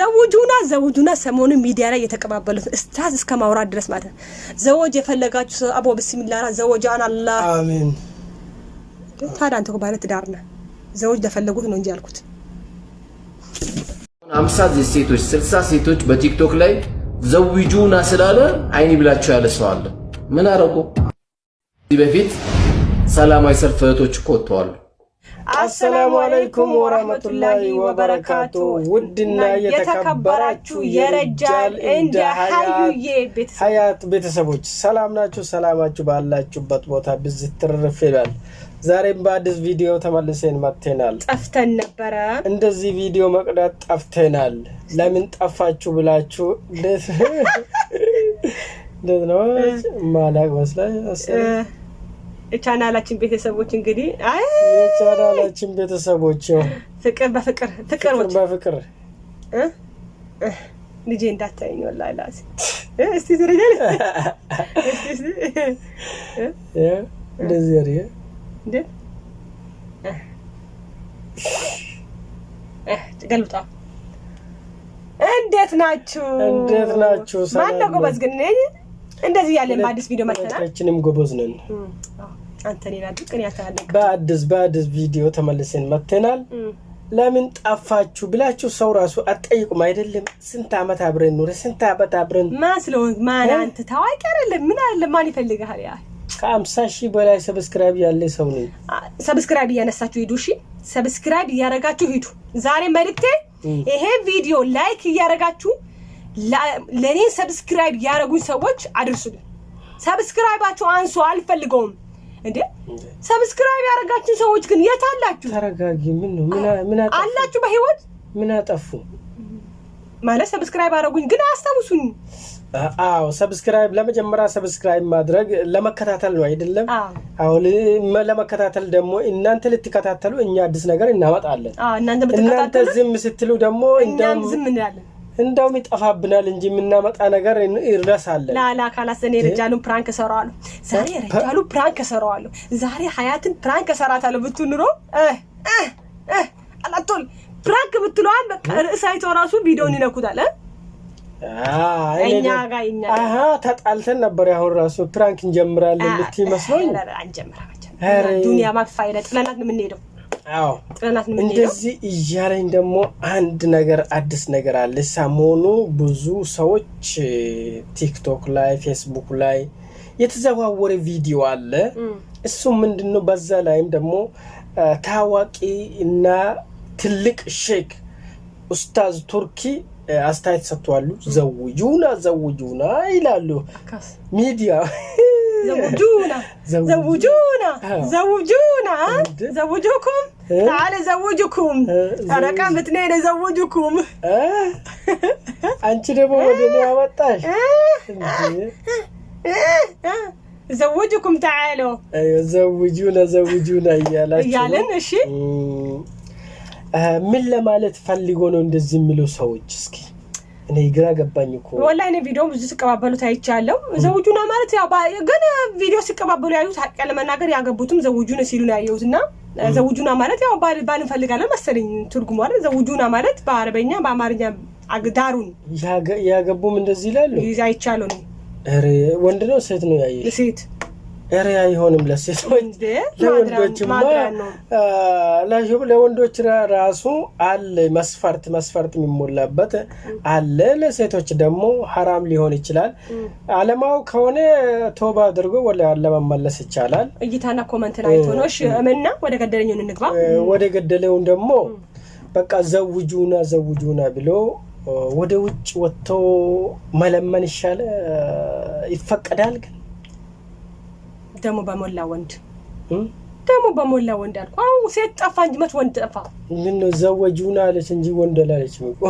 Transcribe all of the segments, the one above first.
ዘውጁና ዘውጁና ሰሞኑ ሚዲያ ላይ የተቀባበሉት እስታት እስከ ማውራት ድረስ ማለት ነው። ዘወጅ የፈለጋችሁ አቦ ብስሚላና ዘወጃን አላ አሜን። ታዲያ አንተ ባለ ትዳር ነህ። ዘውጅ ለፈለጉት ነው እንጂ ያልኩት። አምሳ ሴቶች ስልሳ ሴቶች በቲክቶክ ላይ ዘውጁና ስላለ አይኒ ብላቸው ያለ ሰው አለ። ምን አረጉ? በፊት ሰላማዊ ሰልፍ እህቶች እኮ ወጥተዋል። አሰላሙ አለይኩም ወራህመቱላሂ ወበረካቱ። ውድና የተከበራችሁ የረጃል እንደ ሀዩዬ ሀያት ቤተሰቦች ሰላም ናችሁ? ሰላማችሁ ባላችሁበት ቦታ ብዝት ትርፍ ይላል። ዛሬም በአዲስ ቪዲዮ ተመልሰን መጥተናል። ጠፍተን ነበረ። እንደዚህ ቪዲዮ መቅዳት ጠፍተናል። ለምን ጠፋችሁ ብላችሁ እንዴት ነው ማላቅ መስላ የቻናላችን ቤተሰቦች እንግዲህ የቻናላችን ቤተሰቦች ፍቅር በፍቅር ፍቅር በፍቅር ልጄ እንዳታየኝ ወላሂ እስቲ ዝርያ እንደዚህ ሪ ገልብጣ እንዴት ናችሁ? እንዴት ናችሁ? ማነው ጎበዝ ግን እንደዚህ ያለ በአዲስ ቪዲዮ መጥተናል። ጎበዝ ነን። በአዲስ በአዲስ ቪዲዮ ተመልሰን መጥተናል። ለምን ጠፋችሁ ብላችሁ ሰው ራሱ አትጠይቁም። አይደለም ስንት ዓመት አብረን ኑረ ስንት ዓመት አብረን ማን ስለሆንክ ማን አንተ ታዋቂ አይደለም ምን አለ ማን ይፈልግሃል? ያ ከአምሳ ሺህ በላይ ሰብስክራይብ ያለ ሰው ነኝ። ሰብስክራይብ እያነሳችሁ ሂዱ። እሺ ሰብስክራይብ እያረጋችሁ ሂዱ። ዛሬ መልክቴ ይሄ ቪዲዮ ላይክ እያረጋችሁ ለእኔ ሰብስክራይብ ያረጉኝ ሰዎች አድርሱልኝ። ሰብስክራይባችሁ አንሶ አልፈልገውም። እንዴ ሰብስክራይብ ያደረጋችን ሰዎች ግን የት አላችሁ? ተረጋጊ። ምን ነው ምን አላችሁ? በህይወት ምን አጠፉ ማለት ሰብስክራይብ አደረጉኝ ግን አያስታውሱኝ። አዎ ሰብስክራይብ ለመጀመሪያ ሰብስክራይብ ማድረግ ለመከታተል ነው አይደለም? አሁን ለመከታተል ደግሞ እናንተ ልትከታተሉ እኛ አዲስ ነገር እናመጣለን። እናንተ ዝም ስትሉ ደግሞ ዝም እንላለን። እንደውም ይጠፋብናል እንጂ የምናመጣ ነገር ይረሳለን። ላላ ካላስ እኔ ረጃሉን ፕራንክ እሰራዋለሁ ዛሬ ረጃሉ ፕራንክ እሰራዋለሁ ዛሬ ሀያትን ፕራንክ እሰራታለሁ ብቱ ኑሮ አላቶል ፕራንክ ብትለዋል በቃ ርእሳይቶ ራሱ ቪዲዮን ይነኩታል። እኛ ጋር እኛ ተጣልተን ነበር። ያሁን ራሱ ፕራንክ እንጀምራለን ልትይ መስሎኝ አንጀምራ ዱኒያ ማክፋ ይለ ጥለናት ነው የምንሄደው እንደዚህ እያለኝ ደግሞ አንድ ነገር አዲስ ነገር አለ። ሰሞኑ ብዙ ሰዎች ቲክቶክ ላይ ፌስቡክ ላይ የተዘዋወረ ቪዲዮ አለ። እሱ ምንድነው? በዛ ላይም ደግሞ ታዋቂ እና ትልቅ ሼክ ኡስታዝ ቱርኪ አስተያየት ሰጥቷሉ። ዘውጁና ዘውጁና ይላሉ ሚዲያ ዘውጁና ዘውጁና ዘውጁኩም تعال እዘውጅኩም ጨረቃ ምትነኝ እዘውጅኩም። አንቺ ደግሞ ወደ እኔ አወጣሽ። እዘውጅኩም ተዓሎ ዘውጁና ዘውጁና እያላችሁ እሺ። ምን ለማለት ፈልጎ ነው እንደዚህ የሚሉ ሰዎች? እስኪ እኔ ግራ ገባኝ እኮ ወላሂ። እኔ ቪዲዮ ብዙ ሲቀባበሉት አይቻለሁ። ዘውጁና ማለት ግን ቪዲዮ ሲቀባበሉ ያዩት ለመናገር ያገቡትም ዘውጁን ሲሉ ነው ያየሁት እና ዘውጁና ማለት ያው ባል እንፈልጋለን መሰለኝ ትርጉሙ አይደል? ዘውጁና ማለት በአረበኛ በአማርኛ ዳሩን ያገቡም እንደዚህ ይላሉ። ይዛ ይቻሉ ነው። ወንድ ነው ሴት ነው ያየ ሴት ሪያ አይሆንም ለሴት ለወንዶችማ ለወንዶች ራሱ አለ መስፈርት መስፈርት የሚሞላበት አለ። ለሴቶች ደግሞ ሀራም ሊሆን ይችላል። አለማው ከሆነ ቶባ አድርጎ ለመመለስ ይቻላል። እይታና ኮመንት ላይ ነው። እምና ወደ ገደለኝን እንግባ። ወደ ገደለውን ደግሞ በቃ ዘውጁና ዘውጁና ብሎ ወደ ውጭ ወጥቶ መለመን ይሻለ ይፈቀዳል ግን ደግሞ በሞላ ወንድ ደግሞ በሞላ ወንድ አልኩ። አሁን ሴት ጠፋ እንጂ መች ወንድ ጠፋ? ምን ነው ዘወጁና አለች እንጂ ወንድ ላለች እኮ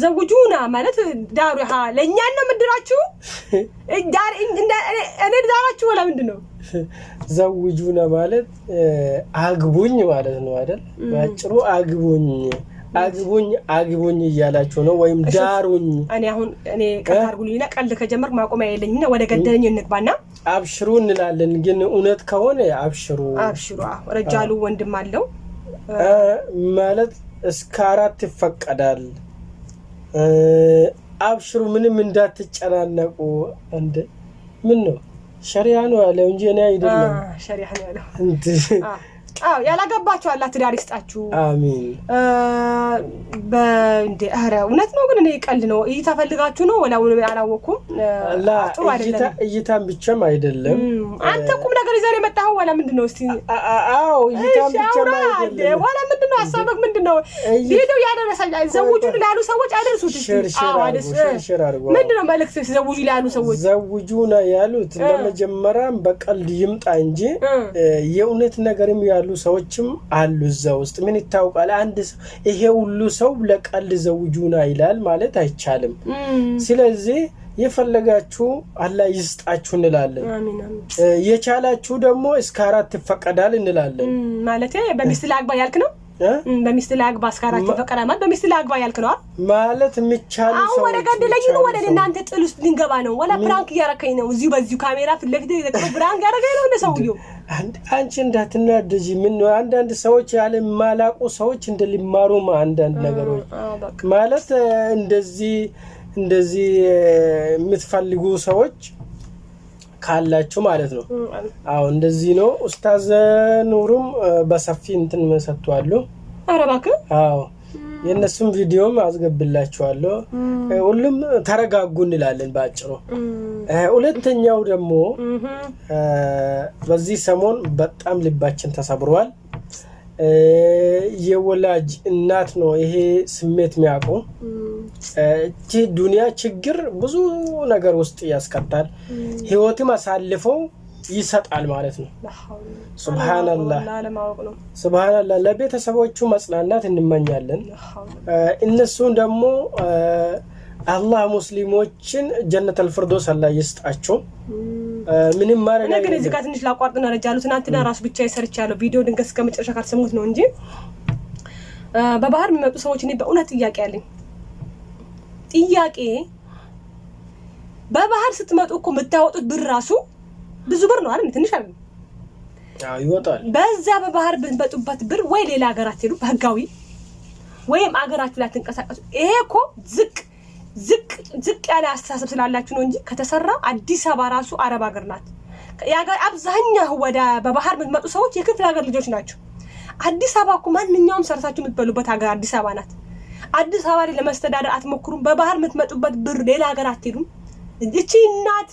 ዘውጁና ማለት ዳሩ ሃ ለእኛ ነው ምድራችሁ ዳር እኔ ዳራችሁ ወላ ምንድን ነው ዘውጁና ማለት አግቡኝ ማለት ነው አይደል? ባጭሩ አግቡኝ አግቡኝ አግቡኝ እያላችሁ ነው ወይም ዳሩኝ። እኔ አሁን እኔ ቀልድ አድርጉልኝና ቀልድ ከጀመርኩ ማቆሚያ የለኝና ወደ ገደለኝ እንግባና አብሽሩ እንላለን። ግን እውነት ከሆነ አብሽሩ አብሽሩ። ረጃሉ ወንድም አለው ማለት እስከ አራት ይፈቀዳል። አብሽሩ ምንም እንዳትጨናነቁ። እንደ ምን ነው ሸሪያ ነው ያለው እንጂ እኔ አይደለም ሸሪያ ነው ያለው። አዎ ያላገባችሁ አላ ትዳር ይስጣችሁ። አሜን። በእንዴ ኧረ እውነት ነው ግን እኔ ቀልድ ነው። እይታ ፈልጋችሁ ነው ወላ አላወኩም። ጥሩ አይደለም። እይታም ብቻም አይደለም አንተ ቁም ነገር ይዘህ ነው የመጣኸው ወላ ምንድን ነው? እስቲ አዎ፣ ይታም ብቻ ነው ወላ ምንድን ነው ሀሳብህ ምንድን ነው? ቪዲዮ ያደረሰኝ ዘውጁን ላሉ ሰዎች አድርሱት አዎ፣ አድርሱ። ምንድን ነው መልእክት ዘውጁ ላሉ ሰዎች? ዘውጁ ነው ያሉት ለመጀመሪያም በቀልድ ይምጣ እንጂ የእውነት ነገርም ያሉ ሰዎችም አሉ እዛ ውስጥ። ምን ይታወቃል? አንድ ይሄ ሁሉ ሰው ለቀልድ ዘውጁ ነው ይላል ማለት አይቻልም። ስለዚህ የፈለጋችሁ አላህ ይስጣችሁ እንላለን። የቻላችሁ ደግሞ እስከ አራት ይፈቀዳል እንላለን። ማለት በሚስት ለአግባ ያልክ ነው። በሚስት ለአግባ እስከ አራት ይፈቀዳል ማለት በሚስት ለአግባ ያልክ ነው ማለት የሚቻል አሁን ወደ ገድ ለይ ነው። ወደ እናንተ ጥል ውስጥ ልንገባ ነው። ወላ ብራንክ እያረከኝ ነው። እዚሁ በዚሁ ካሜራ ፊት ለፊት የተቀበ ብራንክ ያረከኝ ነው። እንደ አንቺ እንዳትናደጂ። ምን ነው አንዳንድ ሰዎች ያለ ማላቁ ሰዎች እንደ ሊማሩም አንዳንድ ነገሮች ማለት እንደዚህ እንደዚህ የምትፈልጉ ሰዎች ካላችሁ ማለት ነው። አዎ እንደዚህ ነው። ኡስታዝ ኑሩም በሰፊ እንትን መሰጥቷሉ። ኧረ እባክህ አዎ የእነሱም ቪዲዮም አስገብላችኋለሁ። ሁሉም ተረጋጉ እንላለን በአጭሩ። ሁለተኛው ደግሞ በዚህ ሰሞን በጣም ልባችን ተሰብሯል። የወላጅ እናት ነው ይሄ ስሜት የሚያውቁ ዱኒያ ችግር ብዙ ነገር ውስጥ ያስቀጣል፣ ህይወትም አሳልፈው ይሰጣል ማለት ነው። ሱብሃነላህ ሱብሃነላህ። ለቤተሰቦቹ መጽናናት እንመኛለን። እነሱን ደግሞ አላህ ሙስሊሞችን ጀነት አልፍርዶስ አላህ ይስጣቸው። ምንም ማረግ ነገር እዚህ ጋር ትንሽ ላቋርጥና ረጃሉ ትናንትና ራሱ ብቻ የሰርች ያለው ቪዲዮ ድንገት እስከ መጨረሻ ካልሰሙት ነው እንጂ በባህር የሚመጡ ሰዎች እኔ በእውነት ጥያቄ ያለኝ ጥያቄ በባህር ስትመጡ እኮ የምታወጡት ብር ራሱ ብዙ ብር ነው አይደል? ትንሽ አይደል? ይወጣል። በዛ በባህር ብትመጡበት ብር ወይ ሌላ ሀገራት ሄዱ በህጋዊ ወይም አገራችሁ ላይ ትንቀሳቀሱ። ይሄ እኮ ዝቅ ዝቅ ዝቅ ያለ አስተሳሰብ ስላላችሁ ነው እንጂ ከተሰራ አዲስ አበባ ራሱ አረብ ሀገር ናት። አብዛኛው ወደ በባህር የምትመጡ ሰዎች የክፍለ ሀገር ልጆች ናቸው። አዲስ አበባ እኮ ማንኛውም ሰርታችሁ የምትበሉበት ሀገር አዲስ አበባ ናት። አዲስ አበባ ላይ ለመስተዳደር አትሞክሩም። በባህር የምትመጡበት ብር ሌላ ሀገር አትሄዱም። እቺ እናት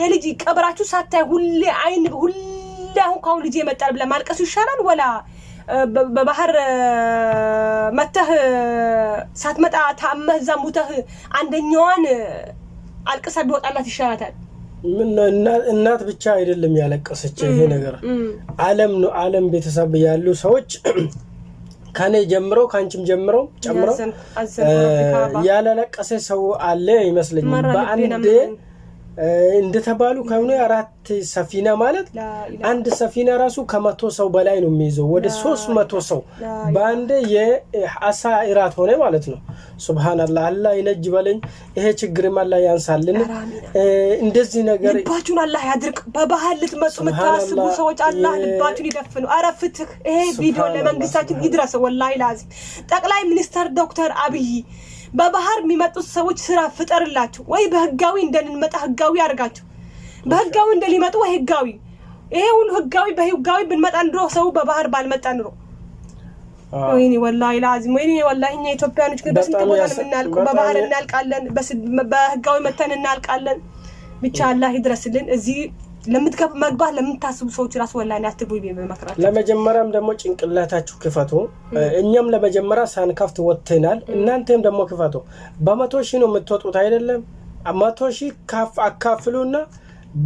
የልጅ ቀበራችሁ ሳታይ ሁሌ አይን ሁሌ አሁን ከአሁን ልጅ የመጣል ብለ ማልቀሱ ይሻላል ወላ በባህር መተህ ሳትመጣ ታመህ እዛ ሙተህ አንደኛዋን አልቅሳ ቢወጣላት ይሻላታል። እናት ብቻ አይደለም ያለቀሰች። ይሄ ነገር አለም ነው። አለም ቤተሰብ ያሉ ሰዎች ከኔ ጀምሮ ከአንቺም ጀምሮ ጨምሮ ያለለቀሰ ሰው አለ ይመስለኛል በአንዴ እንደተባሉ ከሆነ አራት ሰፊና ማለት አንድ ሰፊና ራሱ ከመቶ ሰው በላይ ነው የሚይዘው። ወደ ሶስት መቶ ሰው በአንድ የአሳ እራት ሆነ ማለት ነው። ሱብሃንአላህ አላህ ይነጅ በለኝ። ይሄ ችግርም አላህ ያንሳልን። እንደዚህ ነገር ልባችሁን አላህ ያድርቅ። በባህል ልትመጡ የምታስቡ ሰዎች አላህ ልባችሁን ይደፍኑ። አረ ፍትህ ይሄ ቪዲዮ ለመንግስታችን ይድረስ። ወላሂ ላዚም ጠቅላይ ሚኒስተር ዶክተር አብይ በባህር የሚመጡት ሰዎች ስራ ፍጠርላቸው፣ ወይ በህጋዊ እንደንመጣ ህጋዊ አድርጋቸው። በህጋዊ እንደሊመጡ ወይ ህጋዊ ይሄ ሁሉ ህጋዊ በህጋዊ ብንመጣ ኑሮ ሰው በባህር ባልመጣ ኑሮ ወይኔ ወላሂ ለአዚም ወይኔ ወላሂ እኛ ኢትዮጵያኖች ግን በስንት ቦታ ነው የምናልቀው? በባህር እናልቃለን፣ በህጋዊ መተን እናልቃለን። ብቻ አላህ ይድረስልን እዚህ መግባት ለምታስቡ ሰዎች ራሱ ወላሂ አትግቡ መክራቸው። ለመጀመሪያም ደግሞ ጭንቅላታችሁ ክፈቱ። እኛም ለመጀመሪያ ሳንከፍት ወጥተናል። እናንተም ደግሞ ክፈቱ። በመቶ ሺህ ነው የምትወጡት አይደለም? መቶ ሺህ አካፍሉና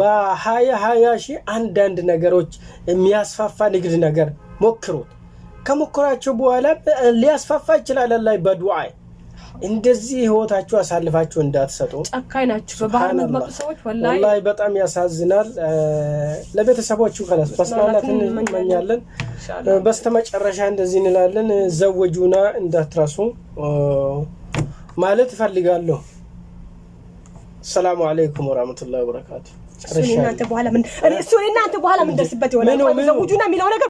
በሀያ ሀያ ሺህ አንዳንድ ነገሮች የሚያስፋፋ ንግድ ነገር ሞክሩት። በኋላ ሊያስፋፋ ይችላል ላይ በዱዓይ እንደዚህ ህይወታችሁ አሳልፋችሁ እንዳትሰጡ። ጨካኝ ናችሁ በባህር መጡ ሰዎች ወላሂ በጣም ያሳዝናል። ለቤተሰቦቹ ከለስ በስማላት እንመኛለን። በስተመጨረሻ እንደዚህ እንላለን፣ ዘወጁና እንዳትረሱ ማለት እፈልጋለሁ። ሰላሙ አለይኩም ወራህመቱላሂ ወበረካቱ። እሱ እናንተ በኋላ ምን ደርስበት ይሆናል። ዘወጁና የሚለው ነገር